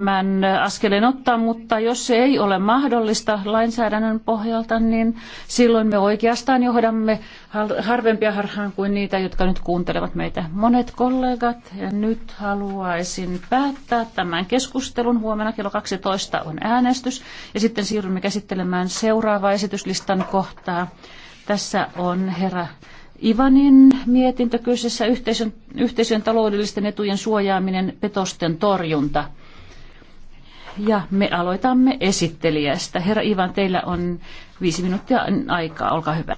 tämän askeleen ottaa, mutta jos se ei ole mahdollista lainsäädännön pohjalta, niin silloin me oikeastaan johdamme harvempia harhaan kuin niitä, jotka nyt kuuntelevat meitä. Monet kollegat, ja nyt haluaisin päättää tämän keskustelun. Huomenna kello 12 on äänestys, ja sitten siirrymme käsittelemään seuraavaa esityslistan kohtaa. Tässä on herra Ivanin mietintö kyseessä yhteisön, yhteisön taloudellisten etujen suojaaminen petosten torjunta ja me aloitamme esittelijästä. Herra Ivan, teillä on viisi minuuttia aikaa, olkaa hyvä.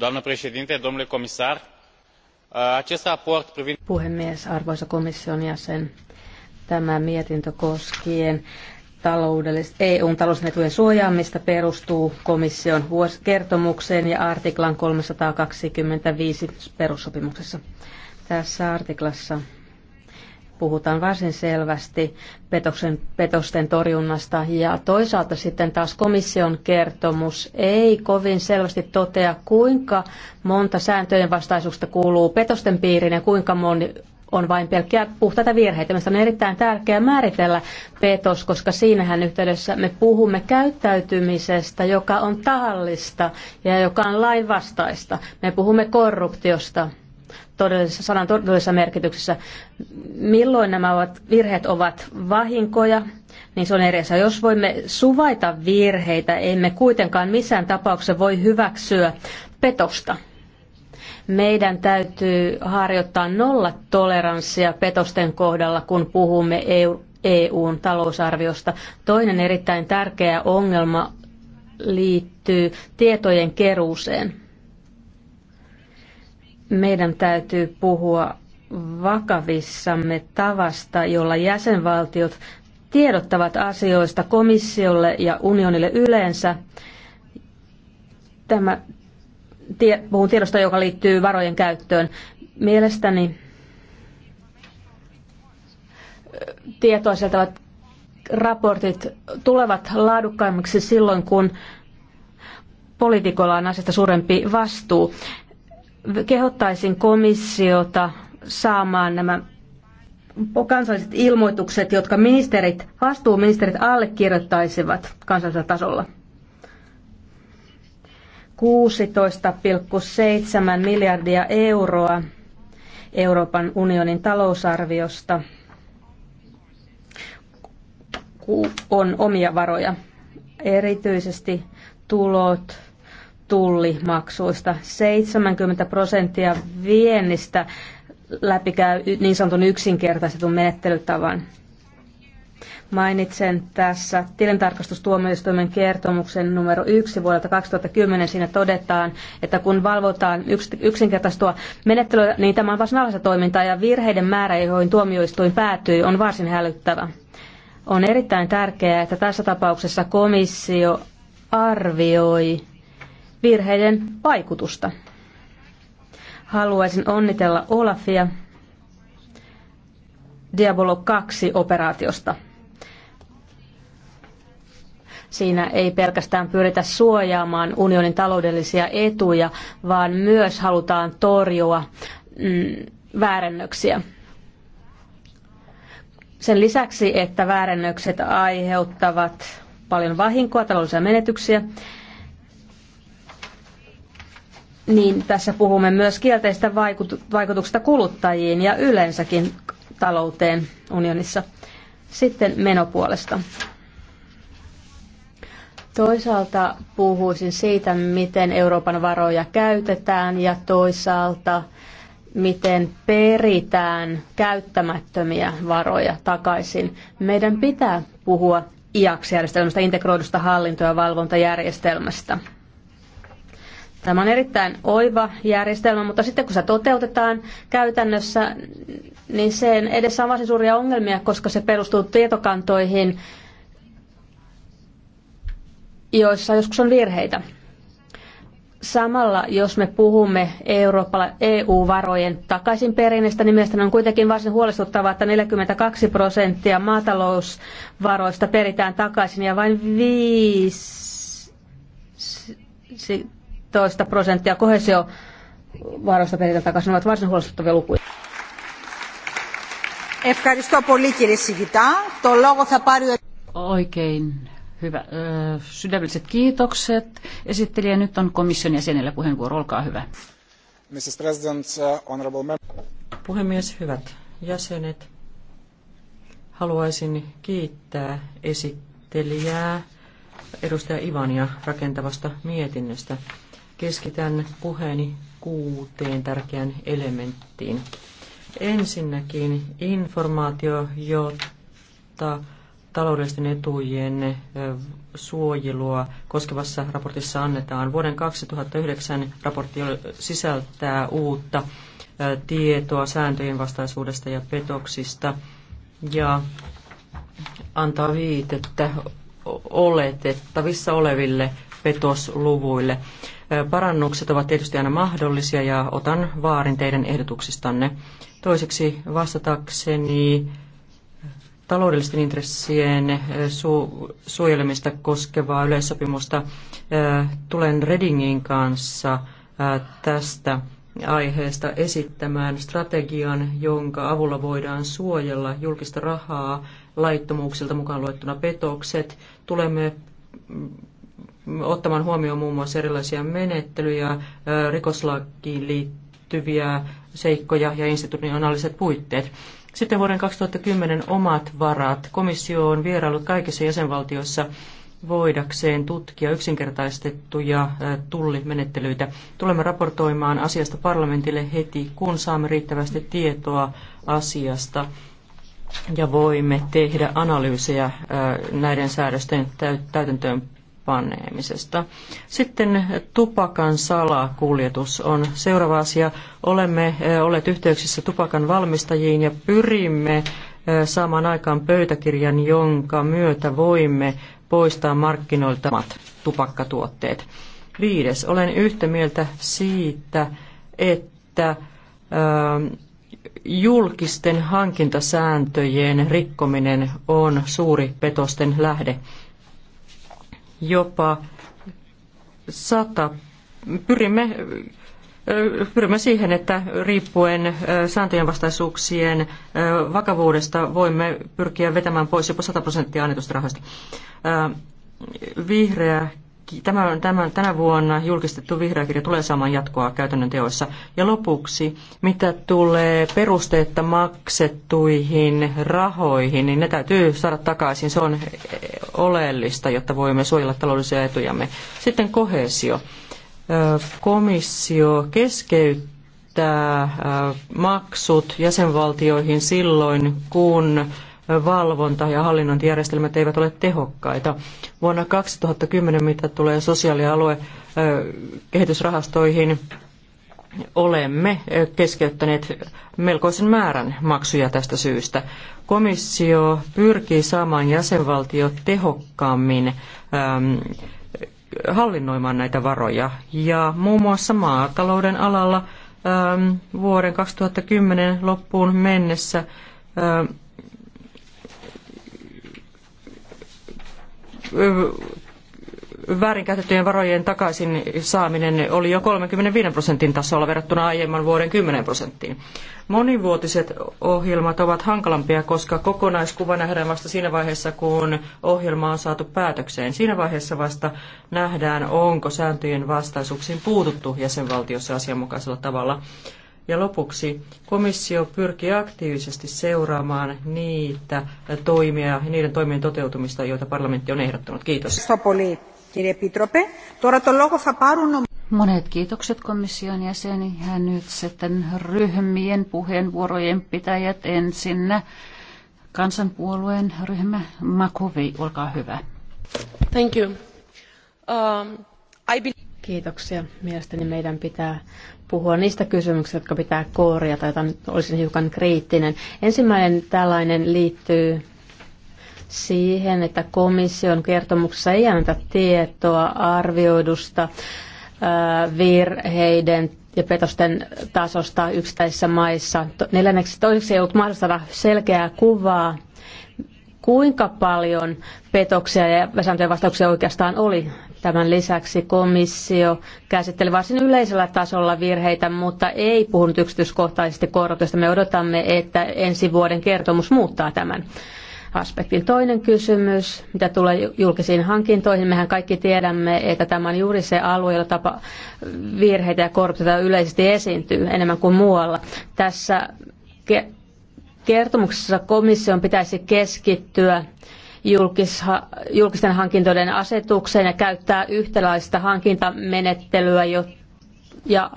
Doamna președinte, domnule comisar, acest raport privind... Puhemies, arvoisa komission jäsen, tämä mietintö koskien taloudellis- EUn talousnetujen suojaamista perustuu komission vuosikertomukseen ja artiklan 325 perussopimuksessa. Tässä artiklassa puhutaan varsin selvästi petoksen, petosten torjunnasta ja toisaalta sitten taas komission kertomus ei kovin selvästi totea, kuinka monta sääntöjen vastaisuutta kuuluu petosten piiriin ja kuinka moni on vain pelkkiä puhtaita virheitä. Mielestäni on erittäin tärkeää määritellä petos, koska siinähän yhteydessä me puhumme käyttäytymisestä, joka on tahallista ja joka on lainvastaista. Me puhumme korruptiosta, todellisessa, sanan todellisessa merkityksessä. Milloin nämä ovat, virheet ovat vahinkoja, niin se on eri asia. Jos voimme suvaita virheitä, emme kuitenkaan missään tapauksessa voi hyväksyä petosta. Meidän täytyy harjoittaa nolla toleranssia petosten kohdalla, kun puhumme EU, EUn talousarviosta. Toinen erittäin tärkeä ongelma liittyy tietojen keruuseen meidän täytyy puhua vakavissamme tavasta, jolla jäsenvaltiot tiedottavat asioista komissiolle ja unionille yleensä. Tämä tie, puhun tiedosta, joka liittyy varojen käyttöön. Mielestäni tietoa sieltävät raportit tulevat laadukkaimmiksi silloin, kun poliitikolla on asiasta suurempi vastuu kehottaisin komissiota saamaan nämä kansalliset ilmoitukset, jotka ministerit, vastuuministerit allekirjoittaisivat kansallisella tasolla. 16,7 miljardia euroa Euroopan unionin talousarviosta on omia varoja. Erityisesti tulot tullimaksuista. 70 prosenttia viennistä läpikäy niin sanotun yksinkertaistetun menettelytavan. Mainitsen tässä tilintarkastustuomioistuimen kertomuksen numero yksi vuodelta 2010. Siinä todetaan, että kun valvotaan yks, yksinkertaistua menettelyä, niin tämä on varsin toimintaa ja virheiden määrä, joihin tuomioistuin päätyy, on varsin hälyttävä. On erittäin tärkeää, että tässä tapauksessa komissio arvioi virheiden vaikutusta. Haluaisin onnitella Olafia Diabolo 2-operaatiosta. Siinä ei pelkästään pyritä suojaamaan unionin taloudellisia etuja, vaan myös halutaan torjua mm, väärennöksiä. Sen lisäksi, että väärennökset aiheuttavat paljon vahinkoa, taloudellisia menetyksiä, niin tässä puhumme myös kielteistä vaikutuksista kuluttajiin ja yleensäkin talouteen unionissa. Sitten menopuolesta. Toisaalta puhuisin siitä, miten Euroopan varoja käytetään ja toisaalta miten peritään käyttämättömiä varoja takaisin. Meidän pitää puhua IAX-järjestelmästä, integroidusta hallinto- ja valvontajärjestelmästä – Tämä on erittäin oiva järjestelmä, mutta sitten kun se toteutetaan käytännössä, niin sen edessä on varsin suuria ongelmia, koska se perustuu tietokantoihin, joissa joskus on virheitä. Samalla, jos me puhumme Euroopalla EU-varojen takaisinperinnästä, niin mielestäni on kuitenkin varsin huolestuttavaa, että 42 prosenttia maatalousvaroista peritään takaisin ja vain viisi. 15 prosenttia kohesiovaroista peritään takaisin. ovat varsin huolestuttavia lukuja. Oikein hyvä. Sydämelliset kiitokset. Esittelijä nyt on komission jäsenellä puheenvuoro. Olkaa hyvä. Puhemies, hyvät jäsenet. Haluaisin kiittää esittelijää edustaja Ivania rakentavasta mietinnöstä. Keskitän puheeni kuuteen tärkeään elementtiin. Ensinnäkin informaatio, jota taloudellisten etujen suojelua koskevassa raportissa annetaan. Vuoden 2009 raportti sisältää uutta tietoa sääntöjen vastaisuudesta ja petoksista ja antaa viitettä oletettavissa oleville petosluvuille. Parannukset ovat tietysti aina mahdollisia ja otan vaarin teidän ehdotuksistanne. Toiseksi vastatakseni taloudellisten intressien eh, su- suojelemista koskevaa yleissopimusta eh, tulen Redingin kanssa eh, tästä aiheesta esittämään strategian, jonka avulla voidaan suojella julkista rahaa laittomuuksilta mukaan luettuna petokset. Tulemme ottamaan huomioon muun muassa erilaisia menettelyjä, rikoslakiin liittyviä seikkoja ja institutionaaliset puitteet. Sitten vuoden 2010 omat varat. Komissio on vieraillut kaikissa jäsenvaltioissa voidakseen tutkia yksinkertaistettuja tullimenettelyitä. Tulemme raportoimaan asiasta parlamentille heti, kun saamme riittävästi tietoa asiasta ja voimme tehdä analyysejä näiden säädösten täytäntöön paneemisesta. Sitten tupakan salakuljetus on seuraava asia. Olemme eh, olleet yhteyksissä tupakan valmistajiin ja pyrimme eh, saamaan aikaan pöytäkirjan, jonka myötä voimme poistaa markkinoilta tupakkatuotteet. Viides. Olen yhtä mieltä siitä, että ähm, julkisten hankintasääntöjen rikkominen on suuri petosten lähde jopa sata. Pyrimme, pyrimme siihen, että riippuen sääntöjen vastaisuuksien vakavuudesta voimme pyrkiä vetämään pois jopa 100 prosenttia annetusta rahoista. Vihreä tämän, tämän, tänä vuonna julkistettu vihreä kirja tulee saamaan jatkoa käytännön teoissa. Ja lopuksi, mitä tulee perusteetta maksettuihin rahoihin, niin ne täytyy saada takaisin. Se on oleellista, jotta voimme suojella taloudellisia etujamme. Sitten kohesio. Komissio keskeyttää maksut jäsenvaltioihin silloin, kun valvonta- ja hallinnointijärjestelmät eivät ole tehokkaita. Vuonna 2010, mitä tulee sosiaalialue kehitysrahastoihin, olemme keskeyttäneet melkoisen määrän maksuja tästä syystä. Komissio pyrkii saamaan jäsenvaltiot tehokkaammin hallinnoimaan näitä varoja. Ja muun muassa maatalouden alalla äm, vuoden 2010 loppuun mennessä väärinkäytettyjen varojen takaisin saaminen oli jo 35 prosentin tasolla verrattuna aiemman vuoden 10 prosenttiin. Monivuotiset ohjelmat ovat hankalampia, koska kokonaiskuva nähdään vasta siinä vaiheessa, kun ohjelma on saatu päätökseen. Siinä vaiheessa vasta nähdään, onko sääntöjen vastaisuuksiin puututtu jäsenvaltiossa asianmukaisella tavalla. Ja lopuksi komissio pyrkii aktiivisesti seuraamaan niitä toimia ja niiden toimien toteutumista, joita parlamentti on ehdottanut. Kiitos. Monet kiitokset komission jäseni ja nyt sitten ryhmien puheenvuorojen pitäjät ensinnä. Kansanpuolueen ryhmä Makovi, olkaa hyvä. Thank you. Um, I believe... Kiitoksia. Mielestäni meidän pitää puhua niistä kysymyksistä, jotka pitää korjata, joita nyt olisin hiukan kriittinen. Ensimmäinen tällainen liittyy siihen, että komission kertomuksessa ei anneta tietoa arvioidusta virheiden ja petosten tasosta yksittäisissä maissa. Neljänneksi toiseksi ei ollut mahdollista saada selkeää kuvaa, kuinka paljon petoksia ja vastauksia oikeastaan oli Tämän lisäksi komissio käsitteli varsin yleisellä tasolla virheitä, mutta ei puhunut yksityiskohtaisesti korotusta. Me odotamme, että ensi vuoden kertomus muuttaa tämän aspektin. Toinen kysymys, mitä tulee julkisiin hankintoihin, mehän kaikki tiedämme, että tämä on juuri se alue, jolla tapa virheitä ja korruptiota yleisesti esiintyy enemmän kuin muualla. Tässä kertomuksessa komission pitäisi keskittyä julkisha, julkisten hankintojen asetukseen ja käyttää yhtäläistä hankintamenettelyä jo, ja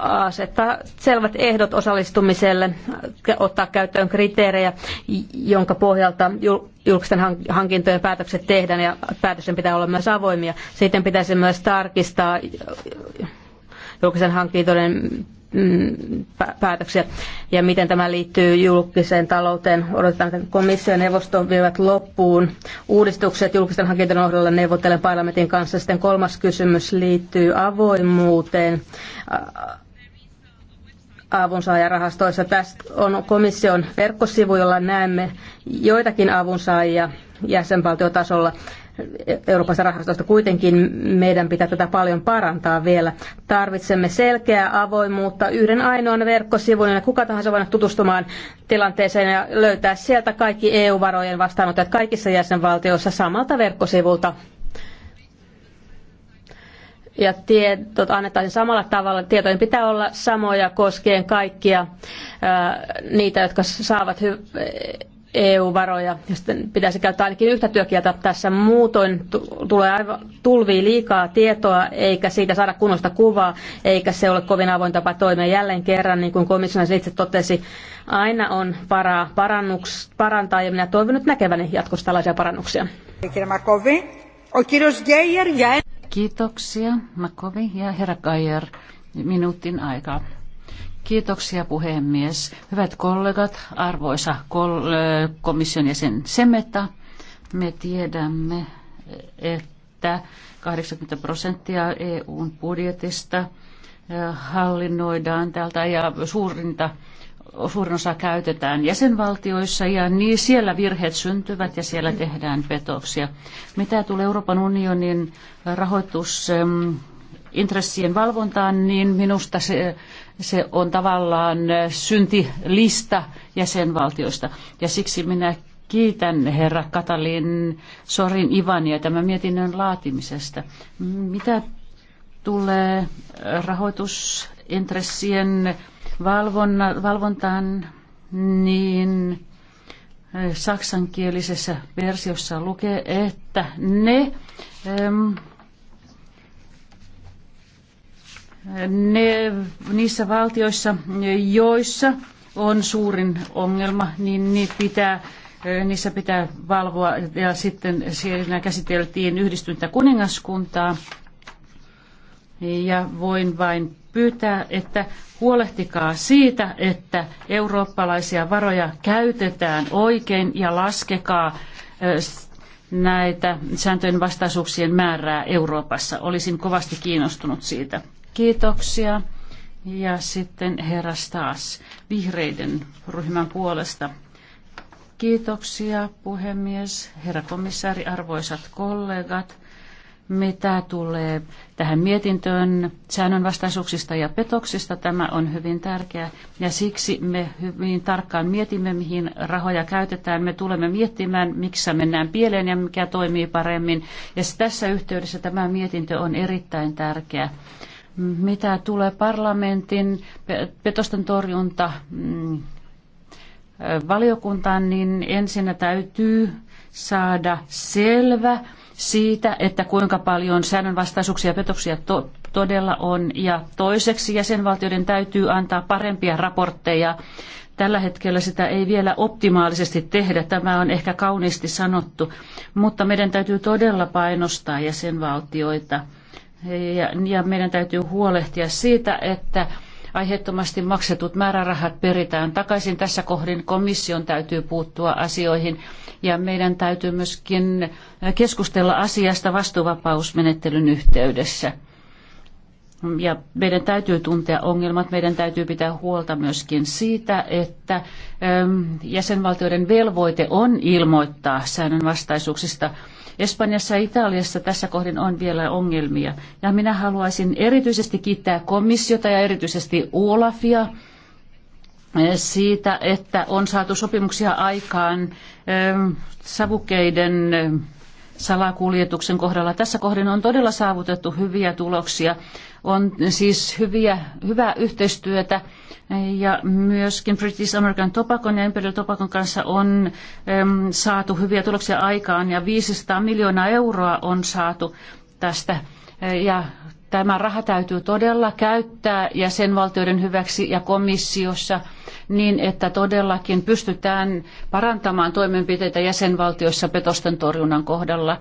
asettaa selvät ehdot osallistumiselle, ottaa käyttöön kriteerejä, jonka pohjalta julkisten hankintojen päätökset tehdään ja päätösten pitää olla myös avoimia. Sitten pitäisi myös tarkistaa julkisen hankintojen Mm, päätöksiä ja miten tämä liittyy julkiseen talouteen. Odotetaan, että komissio ja neuvosto vievät loppuun uudistukset julkisten hankintojen ohdolla neuvottelen parlamentin kanssa. Sitten kolmas kysymys liittyy avoimuuteen avunsaajarahastoissa. Tästä on komission verkkosivu, jolla näemme joitakin avunsaajia jäsenvaltiotasolla. Euroopassa rahastosta. Kuitenkin meidän pitää tätä paljon parantaa vielä. Tarvitsemme selkeää avoimuutta yhden ainoan verkkosivun, ja kuka tahansa voi tutustumaan tilanteeseen ja löytää sieltä kaikki EU-varojen vastaanottajat kaikissa jäsenvaltioissa samalta verkkosivulta ja tiedot annetaan samalla tavalla. Tietojen pitää olla samoja koskien kaikkia ää, niitä, jotka saavat hy- EU-varoja. Ja sitten pitäisi käyttää ainakin yhtä työkieltä tässä. Muutoin tulee aivan tulvii liikaa tietoa, eikä siitä saada kunnosta kuvaa, eikä se ole kovin avoin tapa toimia. Jälleen kerran, niin kuin komissionas itse totesi, aina on varaa parannuks, parantaa, ja minä toivon nyt näkeväni jatkossa tällaisia parannuksia. Kiitoksia, Makovi ja herra Kajer. Minuutin aikaa. Kiitoksia puhemies. Hyvät kollegat, arvoisa komission jäsen Semeta, me tiedämme, että 80 prosenttia EUn budjetista hallinnoidaan täältä ja suurinta suurin osa käytetään jäsenvaltioissa ja niin siellä virheet syntyvät ja siellä tehdään petoksia. Mitä tulee Euroopan unionin rahoitusintressien valvontaan, niin minusta se se on tavallaan syntilista jäsenvaltioista. Ja siksi minä kiitän herra Katalin Sorin Ivania tämän mietinnön laatimisesta. Mitä tulee rahoitusintressien valvonna, valvontaan, niin eh, saksankielisessä versiossa lukee, että ne ne, niissä valtioissa, joissa on suurin ongelma, niin niitä pitää, niissä pitää valvoa ja sitten siinä käsiteltiin yhdistyntä kuningaskuntaa. Ja voin vain pyytää, että huolehtikaa siitä, että eurooppalaisia varoja käytetään oikein ja laskekaa näitä sääntöjen vastaisuuksien määrää Euroopassa. Olisin kovasti kiinnostunut siitä. Kiitoksia. Ja sitten herra taas vihreiden ryhmän puolesta. Kiitoksia puhemies, herra komissaari, arvoisat kollegat. Mitä tulee tähän mietintöön säännönvastaisuuksista ja petoksista, tämä on hyvin tärkeää ja siksi me hyvin tarkkaan mietimme, mihin rahoja käytetään. Me tulemme miettimään, miksi mennään pieleen ja mikä toimii paremmin. Ja tässä yhteydessä tämä mietintö on erittäin tärkeä. Mitä tulee parlamentin petosten torjunta mm, valiokuntaan, niin ensinnä täytyy saada selvä siitä, että kuinka paljon säännönvastaisuuksia ja petoksia to- todella on. Ja toiseksi jäsenvaltioiden täytyy antaa parempia raportteja. Tällä hetkellä sitä ei vielä optimaalisesti tehdä. Tämä on ehkä kauniisti sanottu, mutta meidän täytyy todella painostaa jäsenvaltioita – ja, ja meidän täytyy huolehtia siitä, että aiheettomasti maksetut määrärahat peritään takaisin. Tässä kohdin komission täytyy puuttua asioihin ja meidän täytyy myöskin keskustella asiasta vastuuvapausmenettelyn yhteydessä. Ja meidän täytyy tuntea ongelmat, meidän täytyy pitää huolta myöskin siitä, että jäsenvaltioiden velvoite on ilmoittaa säännönvastaisuuksista vastaisuuksista Espanjassa ja Italiassa tässä kohdin on vielä ongelmia. Ja minä haluaisin erityisesti kiittää komissiota ja erityisesti Olafia eh, siitä, että on saatu sopimuksia aikaan eh, savukeiden eh, salakuljetuksen kohdalla. Tässä kohdin on todella saavutettu hyviä tuloksia. On siis hyviä, hyvää yhteistyötä ja myöskin British American Tobacco ja Imperial Tobacco kanssa on äm, saatu hyviä tuloksia aikaan ja 500 miljoonaa euroa on saatu tästä ja tämä raha täytyy todella käyttää jäsenvaltioiden hyväksi ja komissiossa niin, että todellakin pystytään parantamaan toimenpiteitä jäsenvaltioissa petosten torjunnan kohdalla.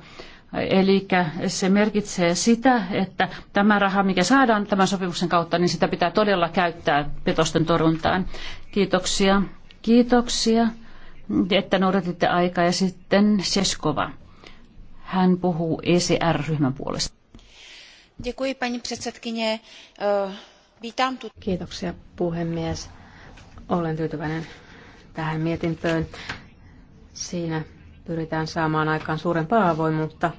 Eli se merkitsee sitä, että tämä raha, mikä saadaan tämän sopimuksen kautta, niin sitä pitää todella käyttää petosten torjuntaan. Kiitoksia. Kiitoksia, että noudatitte aikaa. Ja sitten Seskova. Hän puhuu ECR-ryhmän puolesta. Děkuji, paní předsedkyně. Eh, vítám tu. Kiitoksia, puhemies. Olen tyytyväinen tähän mietintöön. Siinä pyritään saamaan aikaan suurempaa avoimuutta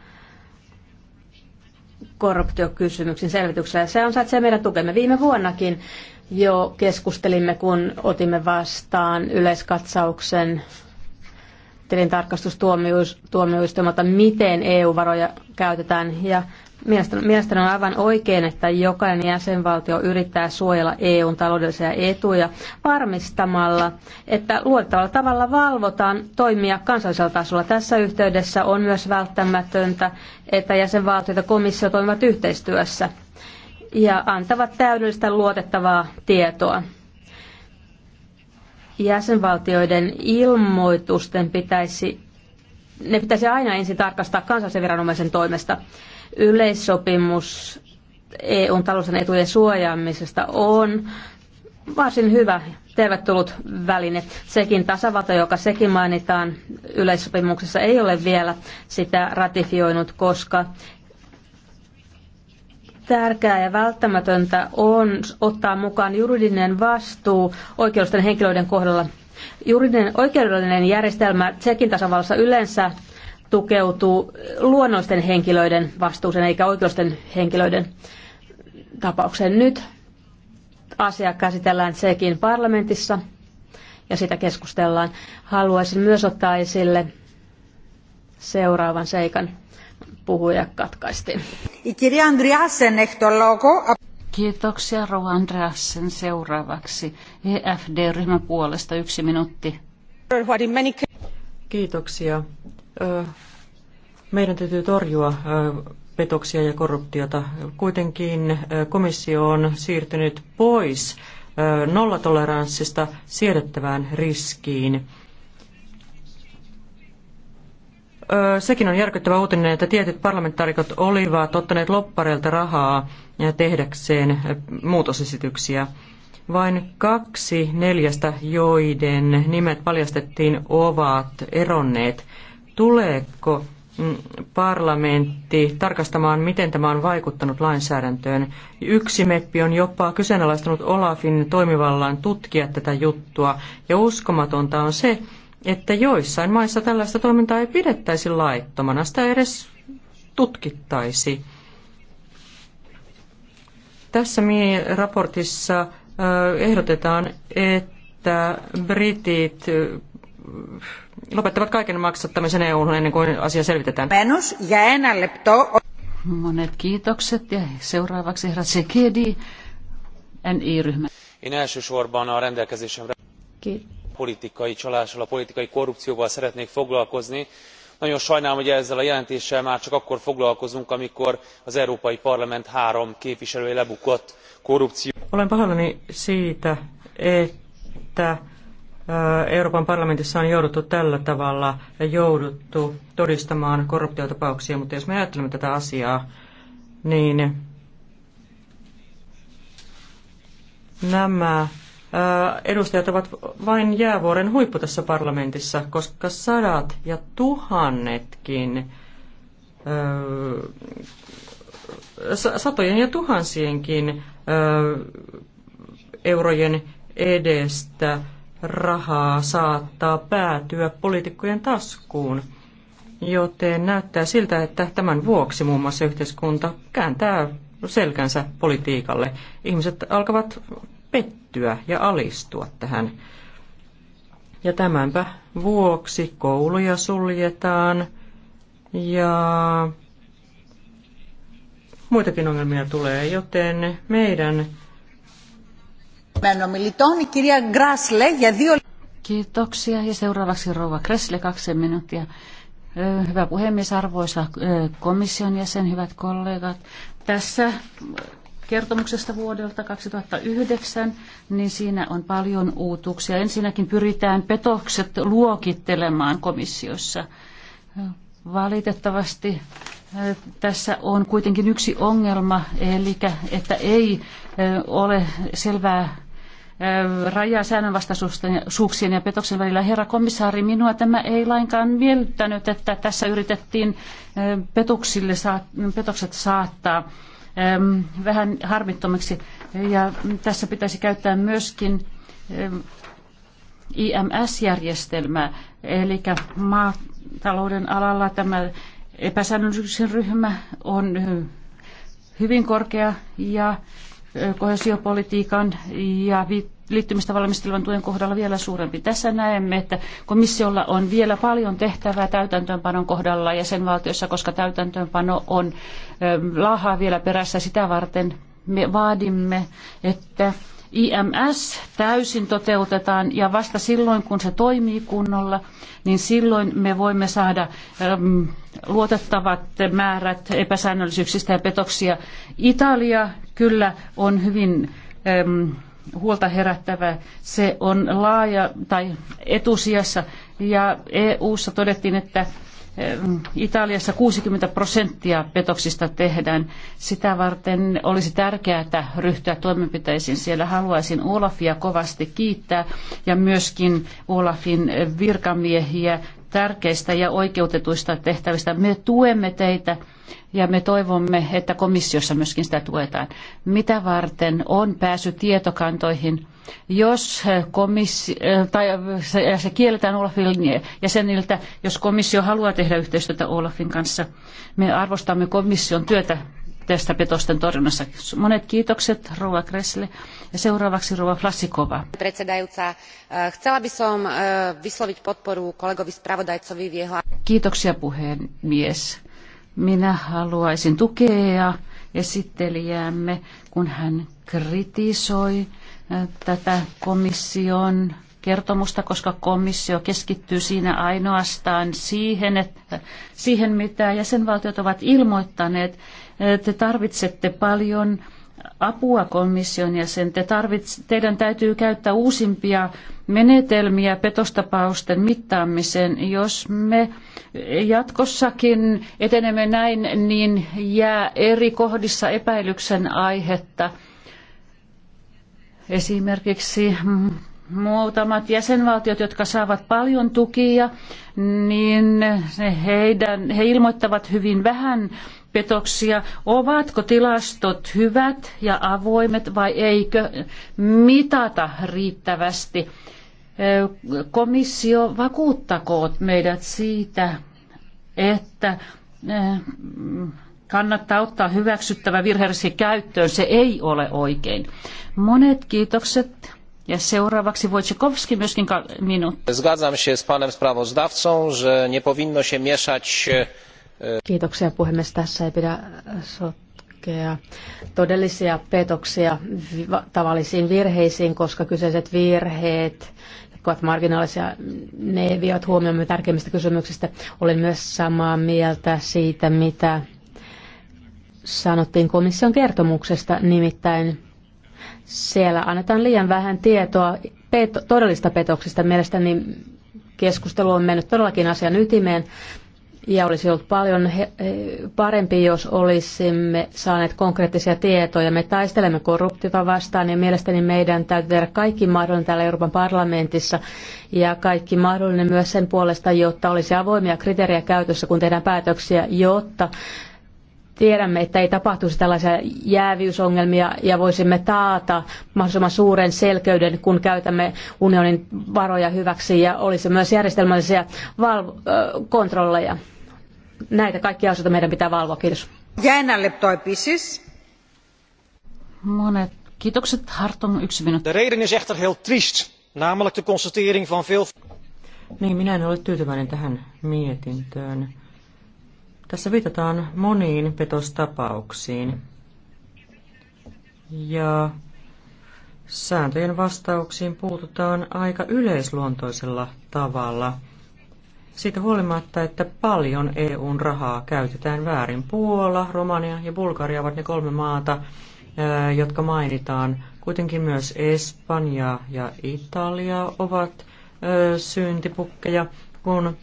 korruptiokysymyksen selvityksellä. Se on ansaitsee meidän tukemme. Viime vuonnakin jo keskustelimme, kun otimme vastaan yleiskatsauksen tilintarkastustuomioistuimelta, miten EU-varoja käytetään. Ja Mielestäni, mielestäni on aivan oikein, että jokainen jäsenvaltio yrittää suojella EUn taloudellisia etuja varmistamalla, että luotettavalla tavalla valvotaan toimia kansallisella tasolla. Tässä yhteydessä on myös välttämätöntä, että jäsenvaltiot ja komissio toimivat yhteistyössä ja antavat täydellistä luotettavaa tietoa. Jäsenvaltioiden ilmoitusten pitäisi, ne pitäisi aina ensin tarkastaa kansallisen viranomaisen toimesta Yleissopimus EUn talousen etujen suojaamisesta on varsin hyvä, tervetullut väline. Sekin tasavalta, joka sekin mainitaan yleissopimuksessa, ei ole vielä sitä ratifioinut, koska tärkeää ja välttämätöntä on ottaa mukaan juridinen vastuu oikeusten henkilöiden kohdalla. Juridinen oikeudellinen järjestelmä Tsekin tasavallassa yleensä tukeutuu luonnollisten henkilöiden vastuuseen eikä oikeusten henkilöiden tapaukseen. Nyt asia käsitellään sekin parlamentissa ja sitä keskustellaan. Haluaisin myös ottaa esille seuraavan seikan. Puhuja katkaistiin. Kirja Andreasen ehtologo. Kiitoksia Rova Andreasen seuraavaksi. EFD-ryhmän puolesta yksi minuutti. Kiitoksia meidän täytyy torjua petoksia ja korruptiota. Kuitenkin komissio on siirtynyt pois nollatoleranssista siedettävään riskiin. Sekin on järkyttävä uutinen, että tietyt parlamentaarikot olivat ottaneet loppareilta rahaa tehdäkseen muutosesityksiä. Vain kaksi neljästä, joiden nimet paljastettiin, ovat eronneet Tuleeko mm, parlamentti tarkastamaan, miten tämä on vaikuttanut lainsäädäntöön. Yksi meppi on jopa kyseenalaistanut Olafin toimivallaan tutkia tätä juttua, ja uskomatonta on se, että joissain maissa tällaista toimintaa ei pidettäisi laittomana, sitä ei edes tutkittaisi. Tässä raportissa ehdotetaan, että britit lopettavat kaiken maksattamisen EU-hun ennen kuin asia selvitetään. Penus ja lepto. Monet kiitokset ja seuraavaksi herra Sekedi, NI-ryhmä. Én a rendelkezésemre politikai csalással, a politikai korrupcióval szeretnék foglalkozni. Nagyon sajnálom, hogy ezzel a jelentéssel már csak akkor foglalkozunk, amikor az Európai Parlament három képviselője lebukott korrupció. Olen pahoillani siitä, että Euroopan parlamentissa on jouduttu tällä tavalla ja jouduttu todistamaan korruptiotapauksia, mutta jos me ajattelemme tätä asiaa, niin nämä edustajat ovat vain jäävuoren huippu tässä parlamentissa, koska sadat ja tuhannetkin, satojen ja tuhansienkin eurojen edestä rahaa saattaa päätyä poliitikkojen taskuun. Joten näyttää siltä, että tämän vuoksi muun muassa yhteiskunta kääntää selkänsä politiikalle. Ihmiset alkavat pettyä ja alistua tähän. Ja tämänpä vuoksi kouluja suljetaan ja muitakin ongelmia tulee, joten meidän Kiitoksia ja seuraavaksi rouva Kressle, kaksi minuuttia. Hyvä puhemies, arvoisa komission jäsen, hyvät kollegat. Tässä kertomuksesta vuodelta 2009, niin siinä on paljon uutuuksia. Ensinnäkin pyritään petokset luokittelemaan komissiossa. Valitettavasti tässä on kuitenkin yksi ongelma, eli että ei ole selvää rajaa säännönvastaisuuksien ja petoksen välillä. Herra komissaari, minua tämä ei lainkaan miellyttänyt, että tässä yritettiin petoksille petokset saattaa vähän harmittomiksi. Ja tässä pitäisi käyttää myöskin IMS-järjestelmää, eli maatalouden alalla tämä epäsäännöllisyyden ryhmä on hyvin korkea ja kohesiopolitiikan ja liittymistä valmistelevan tuen kohdalla vielä suurempi. Tässä näemme, että komissiolla on vielä paljon tehtävää täytäntöönpanon kohdalla jäsenvaltiossa, koska täytäntöönpano on laahaa vielä perässä sitä varten. Me vaadimme, että IMS täysin toteutetaan ja vasta silloin, kun se toimii kunnolla, niin silloin me voimme saada ähm, luotettavat määrät epäsäännöllisyyksistä ja petoksia. Italia kyllä on hyvin äm, huolta herättävä. Se on laaja tai etusijassa ja EU-ssa todettiin, että ähm, Italiassa 60 prosenttia petoksista tehdään. Sitä varten olisi tärkeää ryhtyä toimenpiteisiin. Siellä haluaisin Olafia kovasti kiittää ja myöskin Olafin virkamiehiä tärkeistä ja oikeutetuista tehtävistä. Me tuemme teitä ja me toivomme, että komissiossa myöskin sitä tuetaan. Mitä varten on pääsy tietokantoihin, jos eh, komissi- eh, tai eh, se, se kielletään Olafin jäseniltä, jos komissio haluaa tehdä yhteistyötä Olafin kanssa. Me arvostamme komission työtä tästä petosten torjunnassa. Monet kiitokset Rova Kressille ja seuraavaksi Rova Flasikova. Eh, chcela by som eh, vysloviť podporu kolegovi spravodajcovi v jeho... Kiitoksia puhemies. Minä haluaisin tukea esittelijäämme, kun hän kritisoi eh, tätä komission kertomusta, koska komissio keskittyy siinä ainoastaan siihen, että, siihen mitä jäsenvaltiot ovat ilmoittaneet te tarvitsette paljon apua komission jäsen. Te tarvits, teidän täytyy käyttää uusimpia menetelmiä petostapausten mittaamiseen. Jos me jatkossakin etenemme näin, niin jää eri kohdissa epäilyksen aihetta. Esimerkiksi muutamat jäsenvaltiot, jotka saavat paljon tukia, niin heidän, he ilmoittavat hyvin vähän petoksia. Ovatko tilastot hyvät ja avoimet vai eikö mitata riittävästi? Komissio vakuuttakoot meidät siitä, että eh, kannattaa ottaa hyväksyttävä virheellisesti käyttöön. Se ei ole oikein. Monet kiitokset. Ja seuraavaksi Wojciechowski myöskin minuutti. Zgadzam się z panem sprawozdawcą, że nie powinno się mieszać eh, Kiitoksia puhemies. Tässä ei pidä sotkea todellisia petoksia tavallisiin virheisiin, koska kyseiset virheet ovat marginaalisia, ne eivät huomioon tärkeimmistä kysymyksistä. Olen myös samaa mieltä siitä, mitä sanottiin komission kertomuksesta, nimittäin siellä annetaan liian vähän tietoa peto- todellista petoksista. Mielestäni keskustelu on mennyt todellakin asian ytimeen. Ja olisi ollut paljon eh, parempi, jos olisimme saaneet konkreettisia tietoja. Me taistelemme korruptiota vastaan ja mielestäni meidän täytyy tehdä kaikki mahdollinen täällä Euroopan parlamentissa ja kaikki mahdollinen myös sen puolesta, jotta olisi avoimia kriteerejä käytössä, kun tehdään päätöksiä, jotta tiedämme, että ei tapahtuisi tällaisia jäävyysongelmia ja voisimme taata mahdollisimman suuren selkeyden, kun käytämme unionin varoja hyväksi ja olisi myös järjestelmällisiä valvo- kontrolleja näitä kaikkia asioita meidän pitää valvoa. Kiitos. Monet kiitokset. Hartong, yksi minuutti. De reden is echter heel triest, namelijk de constatering van veel... Niin, minä en ole tyytyväinen tähän mietintöön. Tässä viitataan moniin petostapauksiin. Ja sääntöjen vastauksiin puututaan aika yleisluontoisella tavalla – siitä huolimatta, että paljon EUn rahaa käytetään väärin. Puola, Romania ja Bulgaria ovat ne kolme maata, jotka mainitaan. Kuitenkin myös Espanja ja Italia ovat syntipukkeja, kun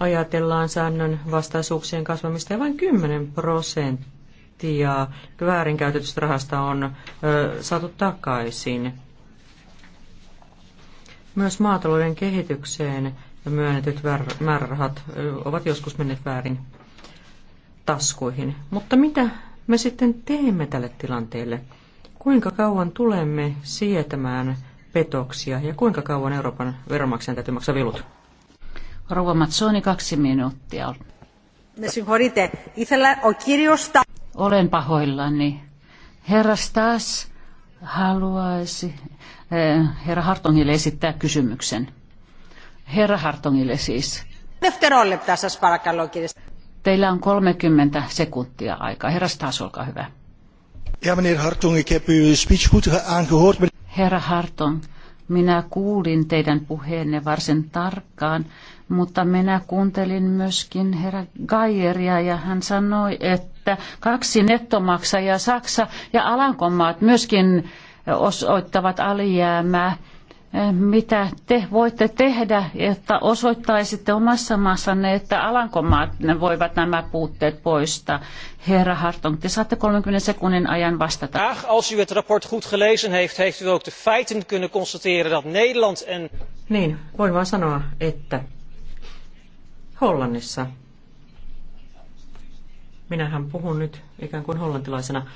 ajatellaan säännön vastaisuuksien kasvamista. Ja vain 10 prosenttia väärinkäytetystä rahasta on saatu takaisin. Myös maatalouden kehitykseen myönnetyt määrärahat ovat joskus menneet väärin taskuihin. Mutta mitä me sitten teemme tälle tilanteelle? Kuinka kauan tulemme sietämään petoksia ja kuinka kauan Euroopan veronmaksajan täytyy maksaa vilut? Rouva Matsoni, kaksi minuuttia. Olen pahoillani. Herra Stas haluaisi eh, herra Hartongille esittää kysymyksen. Herra Hartongille siis. Teillä on 30 sekuntia aikaa. Herra Stas, olkaa hyvä. Ja meneer Hartong, speech goed Herra Hartong, minä kuulin teidän puheenne varsin tarkkaan, mutta minä kuuntelin myöskin herra Gaieria ja hän sanoi, että kaksi nettomaksajaa Saksa ja Alankomaat myöskin osoittavat alijäämää. Eh, mitä te voitte tehdä, että osoittaisitte omassa maassanne, että Alankomaat voivat nämä puutteet poistaa? Herra Hartong, te saatte 30 sekunnin ajan vastata. Ach, als u het rapport goed gelezen heeft, heeft u ook de feiten kunnen constateren dat Nederland en... Niin, voin vaan sanoa, että Hollannissa, minähän puhun nyt ikään kuin hollantilaisena,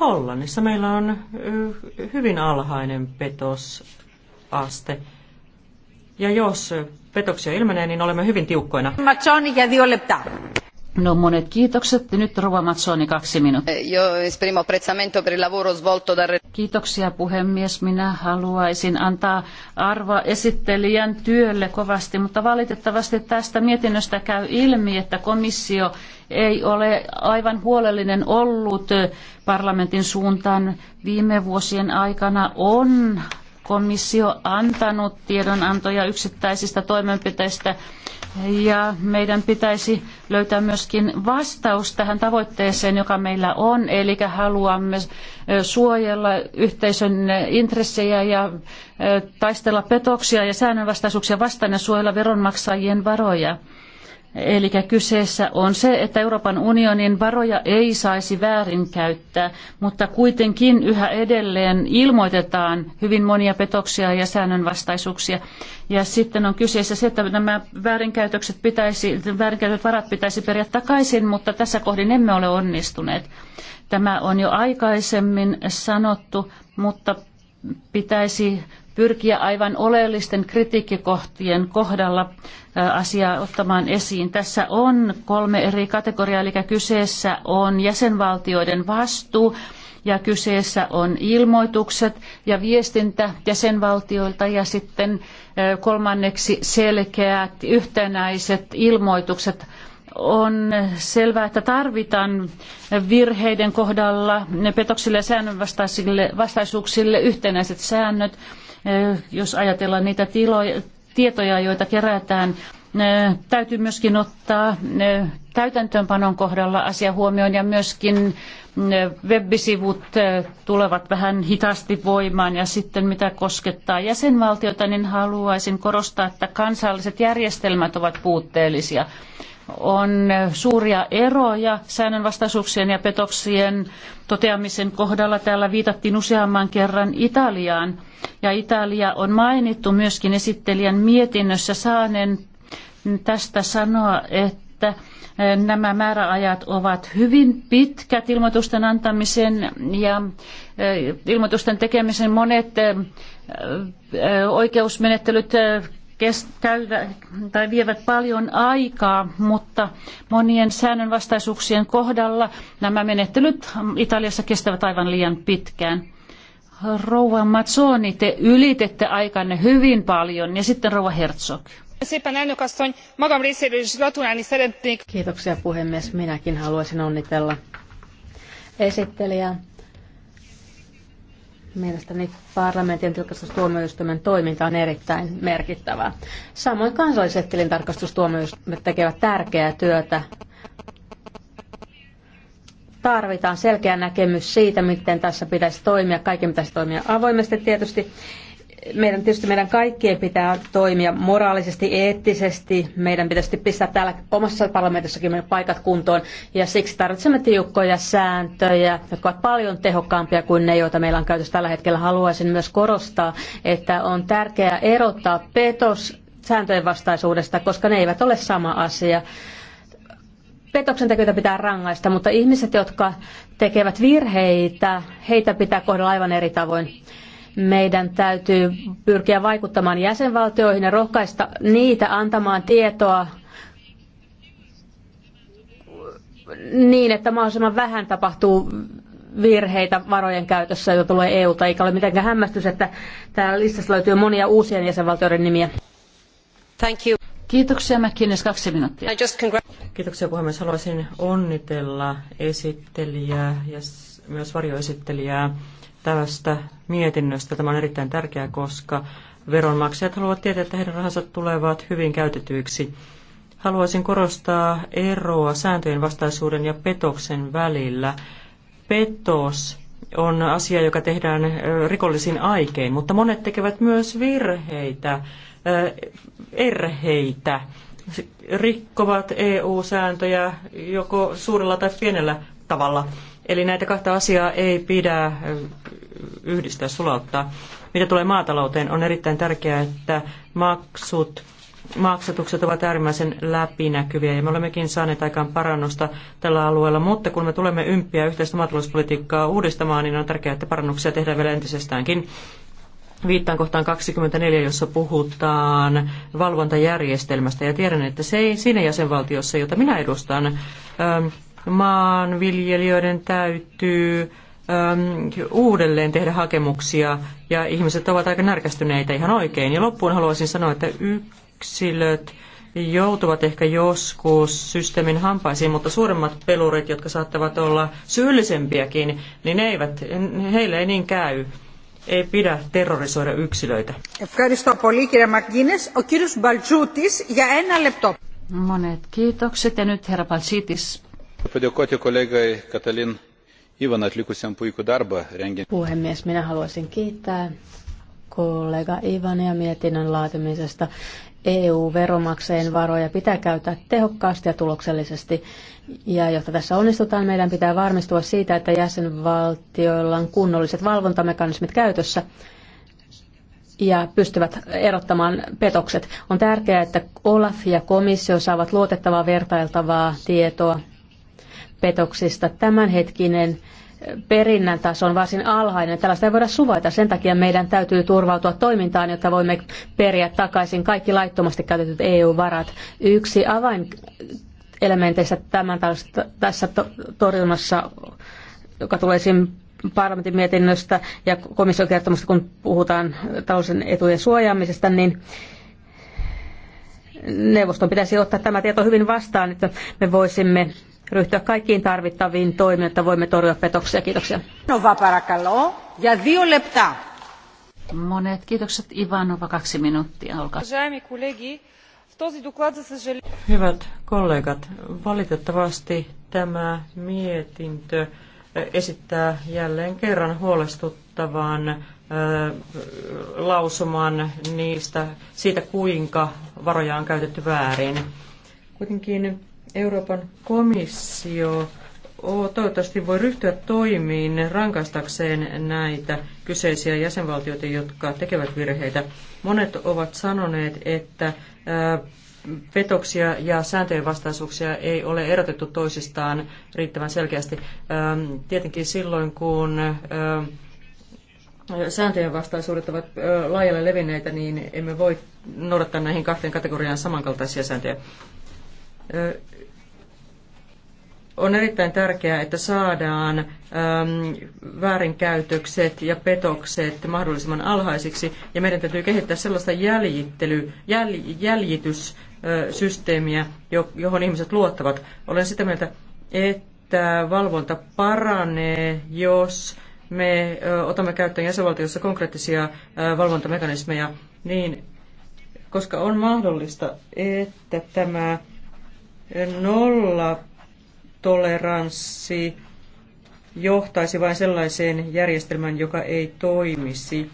Hollannissa meillä on hyvin alhainen petos aste. Ja jos petoksia ilmenee, niin olemme hyvin tiukkoina. Mazzoni ja Violetta. No monet kiitokset. Nyt Rova Mazzoni kaksi minuuttia. Eh, per il lavoro svolto Kiitoksia puhemies. Minä haluaisin antaa arvoa esittelijän työlle kovasti, mutta valitettavasti tästä mietinnöstä käy ilmi, että komissio ei ole aivan huolellinen ollut eh, parlamentin suuntaan viime vuosien aikana on komissio antanut tiedonantoja yksittäisistä toimenpiteistä ja meidän pitäisi löytää myöskin vastaus tähän tavoitteeseen, joka meillä on, eli haluamme suojella yhteisön intressejä ja taistella petoksia ja säännönvastaisuuksia vastaan ja suojella veronmaksajien varoja. Eli kyseessä on se, että Euroopan unionin varoja ei saisi väärinkäyttää, mutta kuitenkin yhä edelleen ilmoitetaan hyvin monia petoksia ja säännönvastaisuuksia. Ja sitten on kyseessä se, että nämä väärinkäytökset pitäisi, väärinkäytöt varat pitäisi periä takaisin, mutta tässä kohdin emme ole onnistuneet. Tämä on jo aikaisemmin sanottu, mutta pitäisi pyrkiä aivan oleellisten kritiikkikohtien kohdalla asiaa ottamaan esiin. Tässä on kolme eri kategoriaa, eli kyseessä on jäsenvaltioiden vastuu, ja kyseessä on ilmoitukset ja viestintä jäsenvaltioilta ja sitten kolmanneksi selkeät yhtenäiset ilmoitukset on selvää, että tarvitaan virheiden kohdalla petoksille ja säännönvastaisuuksille yhtenäiset säännöt jos ajatellaan niitä tiloja, tietoja, joita kerätään, täytyy myöskin ottaa täytäntöönpanon kohdalla asia huomioon ja myöskin webbisivut tulevat vähän hitaasti voimaan ja sitten mitä koskettaa jäsenvaltiota, niin haluaisin korostaa, että kansalliset järjestelmät ovat puutteellisia on suuria eroja säännönvastaisuuksien ja petoksien toteamisen kohdalla. Täällä viitattiin useamman kerran Italiaan. Ja Italia on mainittu myöskin esittelijän mietinnössä saanen tästä sanoa, että eh, nämä määräajat ovat hyvin pitkät ilmoitusten antamisen ja eh, ilmoitusten tekemisen monet eh, oikeusmenettelyt käydä, tai vievät paljon aikaa, mutta monien säännönvastaisuuksien kohdalla nämä menettelyt Italiassa kestävät aivan liian pitkään. Rouva Mazzoni, te ylitette aikanne hyvin paljon, ja sitten rouva Herzog. Kiitoksia puhemies. Minäkin haluaisin onnitella esittelijää Mielestäni parlamentin tilkastustuomioistuimen toiminta on erittäin merkittävää. Samoin kansalliset tilintarkastustuomioistuimet tekevät tärkeää työtä. Tarvitaan selkeä näkemys siitä, miten tässä pitäisi toimia. Kaiken pitäisi toimia avoimesti tietysti meidän, tietysti meidän kaikkien pitää toimia moraalisesti, eettisesti. Meidän pitäisi pistää täällä omassa parlamentissakin paikat kuntoon. Ja siksi tarvitsemme tiukkoja sääntöjä, jotka ovat paljon tehokkaampia kuin ne, joita meillä on käytössä tällä hetkellä. Haluaisin myös korostaa, että on tärkeää erottaa petos sääntöjen vastaisuudesta, koska ne eivät ole sama asia petoksen tekijöitä pitää rangaista, mutta ihmiset, jotka tekevät virheitä, heitä pitää kohdella aivan eri tavoin. Meidän täytyy pyrkiä vaikuttamaan jäsenvaltioihin ja rohkaista niitä antamaan tietoa niin, että mahdollisimman vähän tapahtuu virheitä varojen käytössä, joita tulee eu eikä ole mitenkään hämmästys, että täällä listassa löytyy monia uusien jäsenvaltioiden nimiä. Thank you. Kiitoksia, McKinnis, kaksi minuuttia. Kiitoksia puhemies. Haluaisin onnitella esittelijää ja myös varjoesittelijää tästä mietinnöstä. Tämä on erittäin tärkeää, koska veronmaksajat haluavat tietää, että heidän rahansa tulevat hyvin käytetyiksi. Haluaisin korostaa eroa sääntöjen vastaisuuden ja petoksen välillä. Petos on asia, joka tehdään rikollisin aikein, mutta monet tekevät myös virheitä, erheitä, rikkovat EU-sääntöjä joko suurella tai pienellä tavalla. Eli näitä kahta asiaa ei pidä yhdistää, sulauttaa. Mitä tulee maatalouteen, on erittäin tärkeää, että maksut, maksatukset ovat äärimmäisen läpinäkyviä ja me olemmekin saaneet aikaan parannusta tällä alueella, mutta kun me tulemme ympiä yhteistä maatalouspolitiikkaa uudistamaan, niin on tärkeää, että parannuksia tehdään vielä entisestäänkin. Viittaan kohtaan 24, jossa puhutaan valvontajärjestelmästä ja tiedän, että se ei siinä jäsenvaltiossa, jota minä edustan, maanviljelijöiden täytyy ähm, uudelleen tehdä hakemuksia ja ihmiset ovat aika närkästyneitä ihan oikein. Ja loppuun haluaisin sanoa, että yksilöt joutuvat ehkä joskus systeemin hampaisiin, mutta suuremmat pelurit, jotka saattavat olla syyllisempiäkin, niin ne eivät, heille ei niin käy. Ei pidä terrorisoida yksilöitä. Monet kiitokset ja nyt herra Balsitis Padėkoti kollegai Katalin Ivan atlikusiam puikų darbą rengiant. Puhemies, minä haluaisin kiittää kollega Ivania mietinnön laatimisesta. EU-veromakseen varoja pitää käyttää tehokkaasti ja tuloksellisesti. Ja jotta tässä onnistutaan, meidän pitää varmistua siitä, että jäsenvaltioilla on kunnolliset valvontamekanismit käytössä ja pystyvät erottamaan petokset. On tärkeää, että Olaf ja komissio saavat luotettavaa vertailtavaa tietoa petoksista. Tämänhetkinen perinnän taso on varsin alhainen. Tällaista ei voida suvaita. Sen takia meidän täytyy turvautua toimintaan, jotta voimme periä takaisin kaikki laittomasti käytetyt EU-varat. Yksi avain elementeistä tämän tässä torjunnassa, joka tulee siinä parlamentin mietinnöstä ja komission kertomusta, kun puhutaan talousen etujen suojaamisesta, niin neuvoston pitäisi ottaa tämä tieto hyvin vastaan, että me voisimme ryhtyä kaikkiin tarvittaviin toimiin, että voimme torjua petoksia. Kiitoksia. Nova ja dio lepta. Monet kiitokset Ivanova, kaksi minuuttia, olkaa. Hyvät kollegat, valitettavasti tämä mietintö esittää jälleen kerran huolestuttavan lausuman niistä, siitä kuinka varoja on käytetty väärin. Kuitenkin Euroopan komissio toivottavasti voi ryhtyä toimiin rankaistakseen näitä kyseisiä jäsenvaltioita, jotka tekevät virheitä. Monet ovat sanoneet, että petoksia ja sääntöjen vastaisuuksia ei ole erotettu toisistaan riittävän selkeästi. Tietenkin silloin, kun sääntöjen vastaisuudet ovat laajalle levinneitä, niin emme voi noudattaa näihin kahteen kategoriaan samankaltaisia sääntöjä on erittäin tärkeää, että saadaan äm, väärinkäytökset ja petokset mahdollisimman alhaisiksi, ja meidän täytyy kehittää sellaista jäljittely, jäl, jäljityssysteemiä, johon ihmiset luottavat. Olen sitä mieltä, että valvonta paranee, jos me otamme käyttöön jäsenvaltiossa konkreettisia valvontamekanismeja, niin koska on mahdollista, että tämä nolla toleranssi johtaisi vain sellaiseen järjestelmään, joka ei toimisi.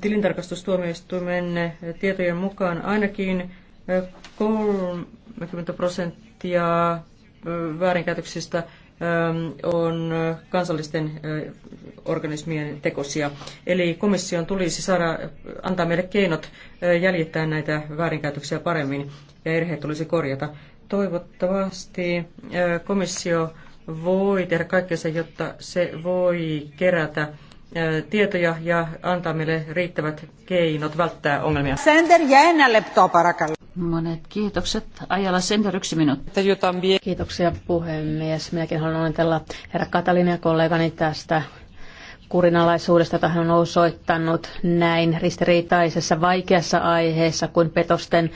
Tilintarkastustuomioistuimen tietojen mukaan ainakin 30 prosenttia väärinkäytöksistä on kansallisten organismien tekosia. Eli komission tulisi saada, antaa meille keinot jäljittää näitä väärinkäytöksiä paremmin ja erheet tulisi korjata. Toivottavasti komissio voi tehdä kaikkensa, jotta se voi kerätä tietoja ja antaa meille riittävät keinot välttää ongelmia. Sender jäänä leptoa Monet kiitokset. Ajalla Sender yksi minuutti. Kiitoksia puhemies. Minäkin haluan onnitella herra Katalin ja kollegani tästä kurinalaisuudesta, jota hän on osoittanut näin ristiriitaisessa vaikeassa aiheessa kuin petosten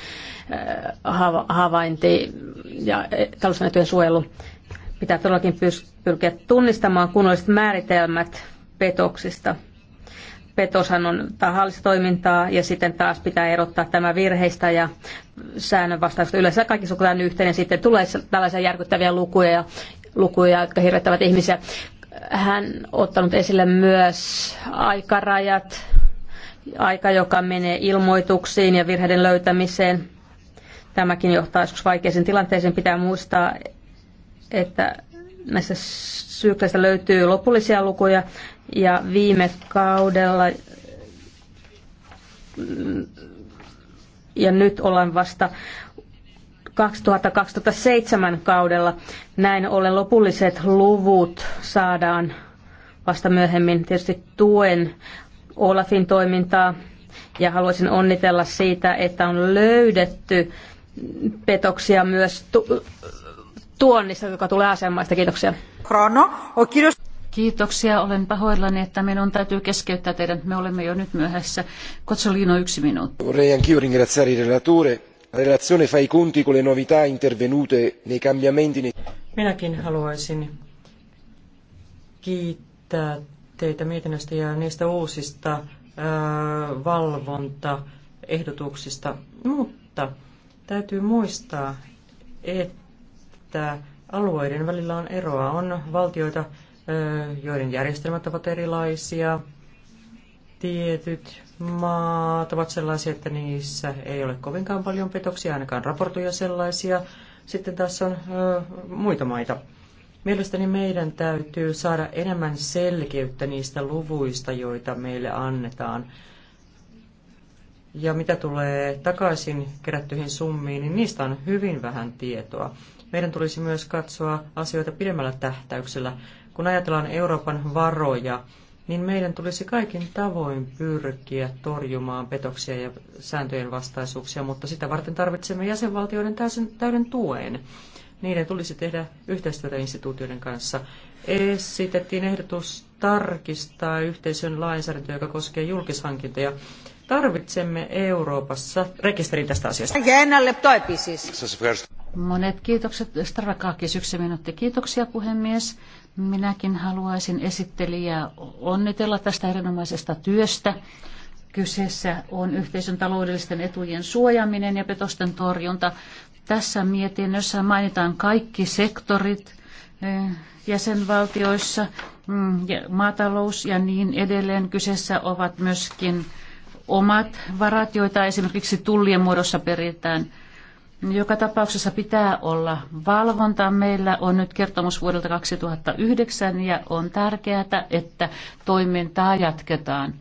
äh, havainti ja e, talousnäytöjen suojelu. Pitää todellakin pyrkiä tunnistamaan kunnolliset määritelmät petoksista. Petoshan on tahallista toimintaa ja sitten taas pitää erottaa tämä virheistä ja säännönvastaista. Yleensä kaikki sukutaan yhteen ja sitten tulee tällaisia järkyttäviä lukuja, lukuja jotka hirvettävät ihmisiä hän ottanut esille myös aikarajat, aika, joka menee ilmoituksiin ja virheiden löytämiseen. Tämäkin johtaa joskus vaikeisiin tilanteisiin. Pitää muistaa, että näistä syklistä löytyy lopullisia lukuja ja viime kaudella mm, ja nyt ollaan vasta 2000-2007 kaudella. Näin ollen lopulliset luvut saadaan vasta myöhemmin. Tietysti tuen Olafin toimintaa ja haluaisin onnitella siitä, että on löydetty petoksia myös tu- tuonnista, joka tulee asemaista. Kiitoksia. Krono, kiitos. Kiitoksia. Olen pahoillani, että minun täytyy keskeyttää teidän. Me olemme jo nyt myöhässä. Kotsolino, yksi minuutti. La relazione fa i conti con le novità intervenute nei cambiamenti... Minäkin haluaisin kiittää teitä mietinnöstä ja niistä uusista valvontaehdotuksista, mutta täytyy muistaa, että alueiden välillä on eroa. On valtioita, joiden järjestelmät ovat erilaisia, Tietyt maat ovat sellaisia, että niissä ei ole kovinkaan paljon petoksia, ainakaan raportoja sellaisia. Sitten tässä on ö, muita maita. Mielestäni meidän täytyy saada enemmän selkeyttä niistä luvuista, joita meille annetaan. Ja mitä tulee takaisin kerättyihin summiin, niin niistä on hyvin vähän tietoa. Meidän tulisi myös katsoa asioita pidemmällä tähtäyksellä. Kun ajatellaan Euroopan varoja, niin meidän tulisi kaikin tavoin pyrkiä torjumaan petoksia ja sääntöjen vastaisuuksia, mutta sitä varten tarvitsemme jäsenvaltioiden täysin, täyden tuen. Niiden tulisi tehdä yhteistyötä instituutioiden kanssa. Esitettiin ehdotus tarkistaa yhteisön lainsäädäntö, joka koskee julkishankintoja. Tarvitsemme Euroopassa rekisterin tästä asiasta. Monet kiitokset. Starakaakis, yksi minuutti. Kiitoksia puhemies. Minäkin haluaisin esittelijää onnitella tästä erinomaisesta työstä. Kyseessä on yhteisön taloudellisten etujen suojaaminen ja petosten torjunta. Tässä mietinnössä mainitaan kaikki sektorit eh, jäsenvaltioissa, mm, maatalous ja niin edelleen. Kyseessä ovat myöskin omat varat, joita esimerkiksi tullien muodossa peritään – joka tapauksessa pitää olla valvonta. Meillä on nyt kertomus vuodelta 2009 ja on tärkeää, että toimintaa jatketaan.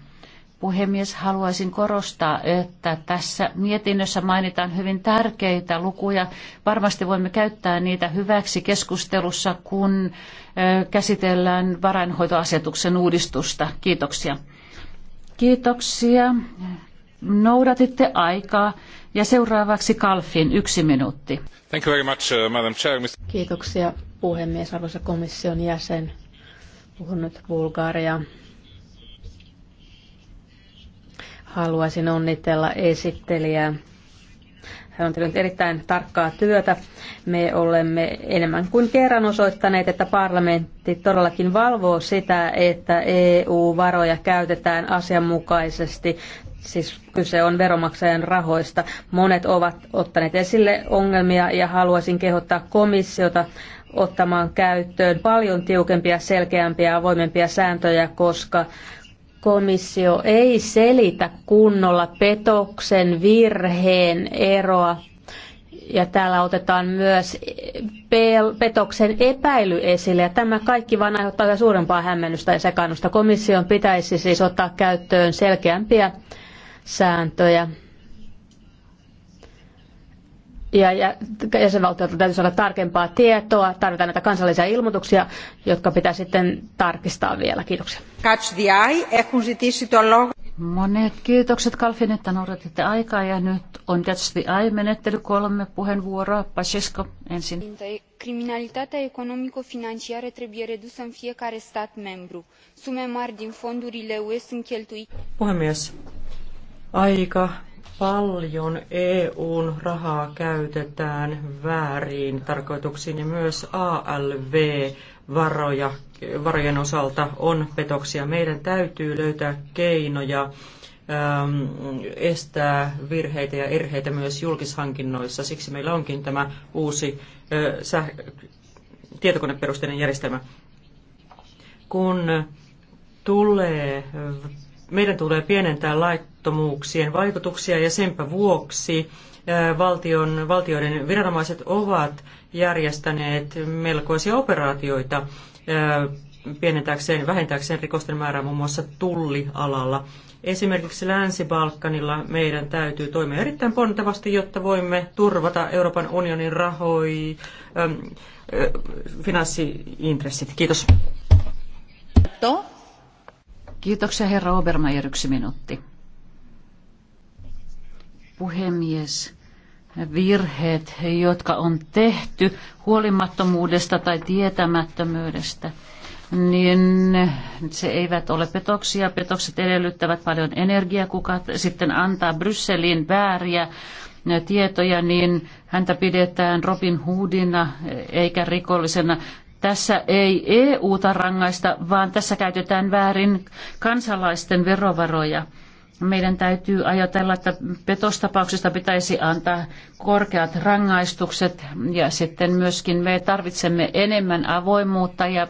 Puhemies, haluaisin korostaa, että tässä mietinnössä mainitaan hyvin tärkeitä lukuja. Varmasti voimme käyttää niitä hyväksi keskustelussa, kun käsitellään varainhoitoasetuksen uudistusta. Kiitoksia. Kiitoksia. Noudatitte aikaa. Ja seuraavaksi Kalfin yksi minuutti. Thank you very much, uh, Madam Chair. Kiitoksia puhemies, arvoisa komission jäsen. Puhun nyt Bulgariaa. Haluaisin onnitella esittelijää hän on tehnyt erittäin tarkkaa työtä. Me olemme enemmän kuin kerran osoittaneet, että parlamentti todellakin valvoo sitä, että EU-varoja käytetään asianmukaisesti Siis kyse on veromaksajan rahoista. Monet ovat ottaneet esille ongelmia ja haluaisin kehottaa komissiota ottamaan käyttöön paljon tiukempia, selkeämpiä ja avoimempia sääntöjä, koska komissio ei selitä kunnolla petoksen virheen eroa. Ja täällä otetaan myös petoksen epäily esille. Ja tämä kaikki vain aiheuttaa yhä suurempaa hämmennystä ja sekannusta. Komission pitäisi siis ottaa käyttöön selkeämpiä sääntöjä. Ja, ja jäsenvaltiolta täytyy saada tarkempaa tietoa, tarvitaan näitä kansallisia ilmoituksia, jotka pitää sitten tarkistaa vielä. Kiitoksia. Catch the eye. Monet kiitokset Kalfin, että noudatitte aikaa ja nyt on Catch the Eye-menettely kolme puheenvuoroa. Pasesko ensin. Criminalitatea economico-financiară trebuie redusă în fiecare stat membru. Sume mari din fondurile UE sunt cheltuite. Puhemies, Aika paljon EUn rahaa käytetään väärin tarkoituksiin ja myös ALV-varoja varojen osalta on petoksia. Meidän täytyy löytää keinoja äm, estää virheitä ja erheitä myös julkishankinnoissa. Siksi meillä onkin tämä uusi äh, säh- tietokoneperusteinen järjestelmä. Kun tulee, meidän tulee pienentää laitteita, onnettomuuksien vaikutuksia ja senpä vuoksi valtion, valtioiden viranomaiset ovat järjestäneet melkoisia operaatioita pienentääkseen, vähentääkseen rikosten määrää muun muassa tullialalla. Esimerkiksi Länsi-Balkanilla meidän täytyy toimia erittäin pontevasti, jotta voimme turvata Euroopan unionin rahoi, ähm, äh, finanssiintressit. Kiitos. Kiitoksia herra Obermeier, yksi minuutti puhemies, virheet, jotka on tehty huolimattomuudesta tai tietämättömyydestä, niin se eivät ole petoksia. Petokset edellyttävät paljon energiaa, kuka sitten antaa Brysseliin vääriä tietoja, niin häntä pidetään Robin Hoodina eikä rikollisena. Tässä ei EU-ta rangaista, vaan tässä käytetään väärin kansalaisten verovaroja meidän täytyy ajatella, että petostapauksista pitäisi antaa korkeat rangaistukset ja sitten myöskin me tarvitsemme enemmän avoimuutta ja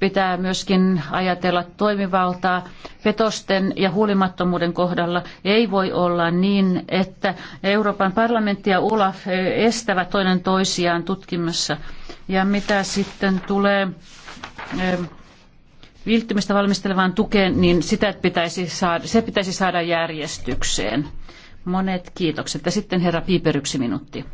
pitää myöskin ajatella toimivaltaa. Petosten ja huolimattomuuden kohdalla ei voi olla niin, että Euroopan parlamentti ja ULAF estävät toinen toisiaan tutkimassa. Ja mitä sitten tulee eh, viihtymistä valmistelevaan tukeen, niin sitä pitäisi saada, se pitäisi saada järjestykseen. Monet kiitokset. Ja sitten herra Piiper, yksi minuutti.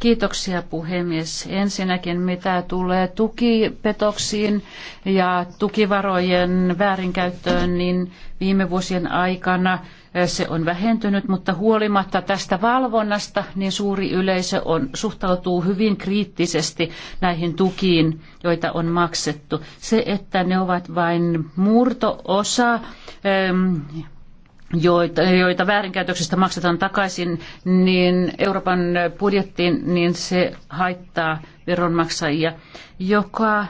Kiitoksia puhemies. Ensinnäkin mitä tulee tukipetoksiin ja tukivarojen väärinkäyttöön, niin viime vuosien aikana se on vähentynyt, mutta huolimatta tästä valvonnasta, niin suuri yleisö on, suhtautuu hyvin kriittisesti näihin tukiin, joita on maksettu. Se, että ne ovat vain murto-osa joita, joita väärinkäytöksistä maksetaan takaisin niin Euroopan budjettiin, niin se haittaa veronmaksajia, joka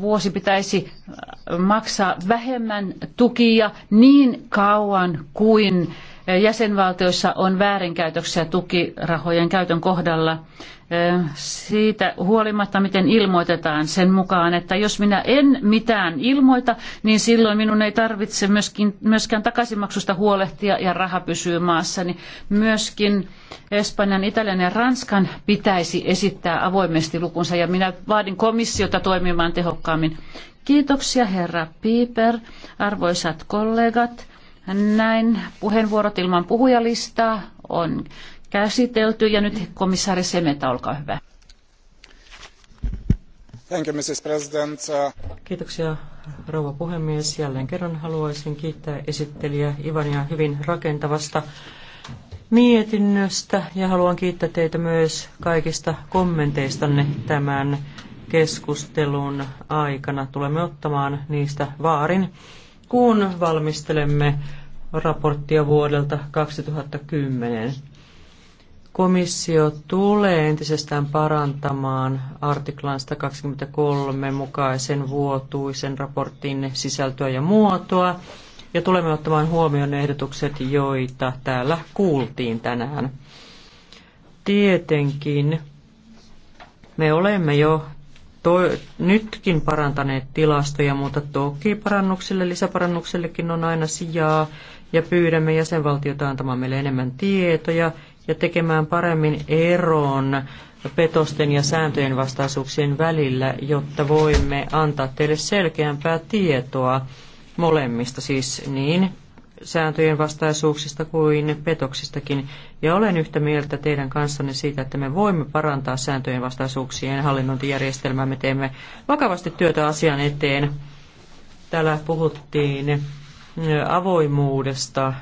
vuosi pitäisi äh, maksaa vähemmän tukia niin kauan kuin jäsenvaltioissa on väärinkäytöksiä tukirahojen käytön kohdalla siitä huolimatta, miten ilmoitetaan sen mukaan, että jos minä en mitään ilmoita, niin silloin minun ei tarvitse myöskin, myöskään takaisinmaksusta huolehtia ja raha pysyy maassa. Niin myöskin Espanjan, Italian ja Ranskan pitäisi esittää avoimesti lukunsa ja minä vaadin komissiota toimimaan tehokkaammin. Kiitoksia herra Piper, arvoisat kollegat. Näin puheenvuorot ilman puhujalistaa on käsitelty ja nyt komissaari Semeta, olkaa hyvä. Thank you, Mrs. President. Kiitoksia rouva puhemies. Jälleen kerran haluaisin kiittää esittelijä Ivania hyvin rakentavasta mietinnöstä ja haluan kiittää teitä myös kaikista kommenteistanne tämän keskustelun aikana. Tulemme ottamaan niistä vaarin kun valmistelemme raporttia vuodelta 2010. Komissio tulee entisestään parantamaan artiklan 123 mukaisen vuotuisen raportin sisältöä ja muotoa, ja tulemme ottamaan huomioon ehdotukset, joita täällä kuultiin tänään. Tietenkin me olemme jo to, nytkin parantaneet tilastoja, mutta toki parannuksille, lisäparannuksillekin on aina sijaa ja pyydämme jäsenvaltiota antamaan meille enemmän tietoja ja tekemään paremmin eron petosten ja sääntöjen vastaisuuksien välillä, jotta voimme antaa teille selkeämpää tietoa molemmista, siis niin sääntöjen vastaisuuksista kuin petoksistakin. Ja olen yhtä mieltä teidän kanssanne siitä, että me voimme parantaa sääntöjen vastaisuuksien hallinnointijärjestelmää. Me teemme vakavasti työtä asian eteen. Täällä puhuttiin avoimuudesta,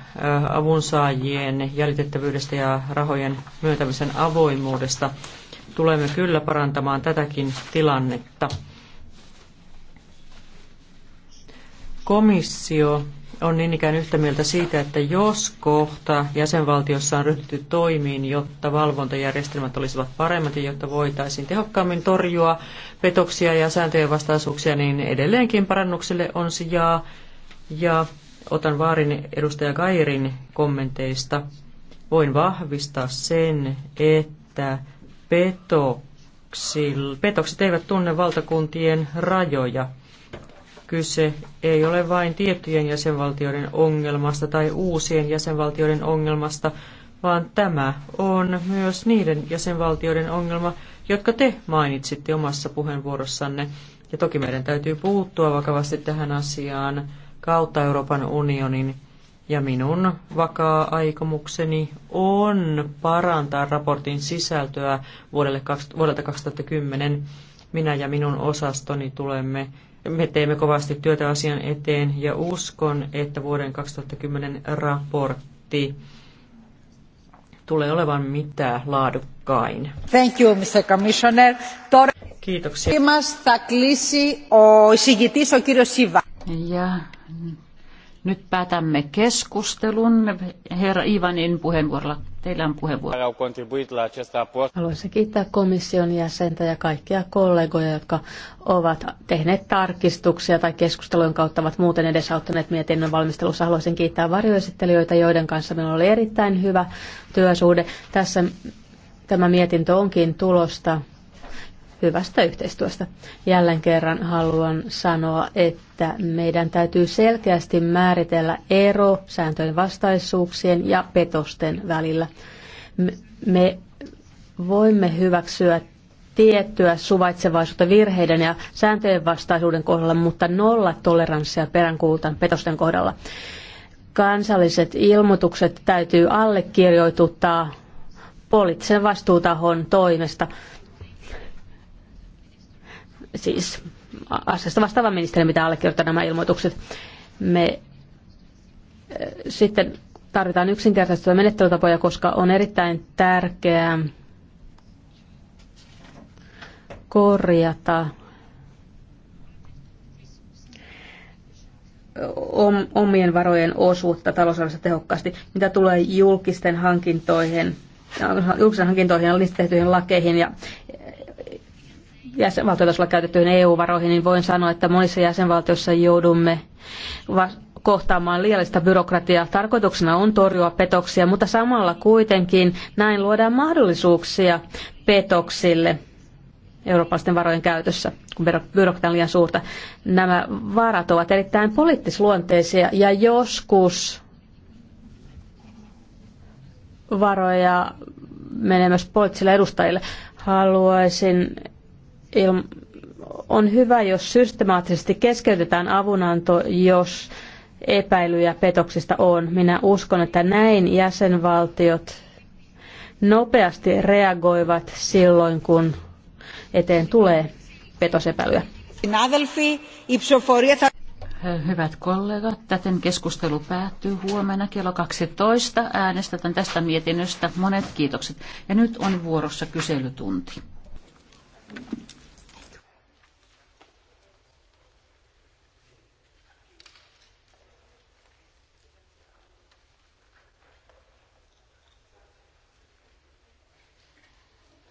avunsaajien jäljitettävyydestä ja rahojen myöntämisen avoimuudesta. Tulemme kyllä parantamaan tätäkin tilannetta. Komissio on niin ikään yhtä mieltä siitä, että jos kohta jäsenvaltiossa on ryhdytty toimiin, jotta valvontajärjestelmät olisivat paremmat ja jotta voitaisiin tehokkaammin torjua petoksia ja sääntöjen vastaisuuksia, niin edelleenkin parannukselle on sijaa. Ja otan vaarin edustaja Gairin kommenteista. Voin vahvistaa sen, että petokset eivät tunne valtakuntien rajoja kyse ei ole vain tiettyjen jäsenvaltioiden ongelmasta tai uusien jäsenvaltioiden ongelmasta, vaan tämä on myös niiden jäsenvaltioiden ongelma, jotka te mainitsitte omassa puheenvuorossanne. Ja toki meidän täytyy puuttua vakavasti tähän asiaan kautta Euroopan unionin. Ja minun vakaa aikomukseni on parantaa raportin sisältöä vuodelle, vuodelta 2010. Minä ja minun osastoni tulemme me teemme kovasti työtä asian eteen ja uskon, että vuoden 2010 raportti tulee olevan mitä laadukkain. Thank you, Mr. Commissioner. Tor- Kiitoksia. μας Ja nyt päätämme keskustelun herra Ivanin puheenvuorolla. Teillä on puheenvuoro. Haluaisin kiittää komission jäsentä ja kaikkia kollegoja, jotka ovat tehneet tarkistuksia tai keskustelujen kautta ovat muuten edesauttaneet mietinnön valmistelussa. Haluaisin kiittää varjoesittelijöitä, joiden kanssa meillä oli erittäin hyvä työsuhde. Tässä tämä mietintö onkin tulosta hyvästä yhteistyöstä. Jälleen kerran haluan sanoa, että meidän täytyy selkeästi määritellä ero sääntöjen vastaisuuksien ja petosten välillä. Me voimme hyväksyä tiettyä suvaitsevaisuutta virheiden ja sääntöjen vastaisuuden kohdalla, mutta nolla toleranssia peräänkuultaan petosten kohdalla. Kansalliset ilmoitukset täytyy allekirjoituttaa poliittisen vastuutahon toimesta siis asiasta vastaava ministeri, mitä allekirjoittaa nämä ilmoitukset. Me äh, sitten tarvitaan yksinkertaistuja menettelytapoja, koska on erittäin tärkeää korjata omien varojen osuutta talousarvossa tehokkaasti. Mitä tulee julkisten hankintoihin, julkisen hankintoihin ja tehtyihin lakeihin ja jäsenvaltiotasolla käytettyihin EU-varoihin, niin voin sanoa, että monissa jäsenvaltioissa joudumme kohtaamaan liiallista byrokratiaa. Tarkoituksena on torjua petoksia, mutta samalla kuitenkin näin luodaan mahdollisuuksia petoksille eurooppalaisten varojen käytössä, kun byrokratia on liian suurta. Nämä varat ovat erittäin poliittisluonteisia ja joskus varoja menee myös poliittisille edustajille. Haluaisin on hyvä, jos systemaattisesti keskeytetään avunanto, jos epäilyjä petoksista on. Minä uskon, että näin jäsenvaltiot nopeasti reagoivat silloin, kun eteen tulee petosepäilyä. Hyvät kollegat, täten keskustelu päättyy huomenna kello 12. Äänestetään tästä mietinnöstä. Monet kiitokset. Ja nyt on vuorossa kyselytunti.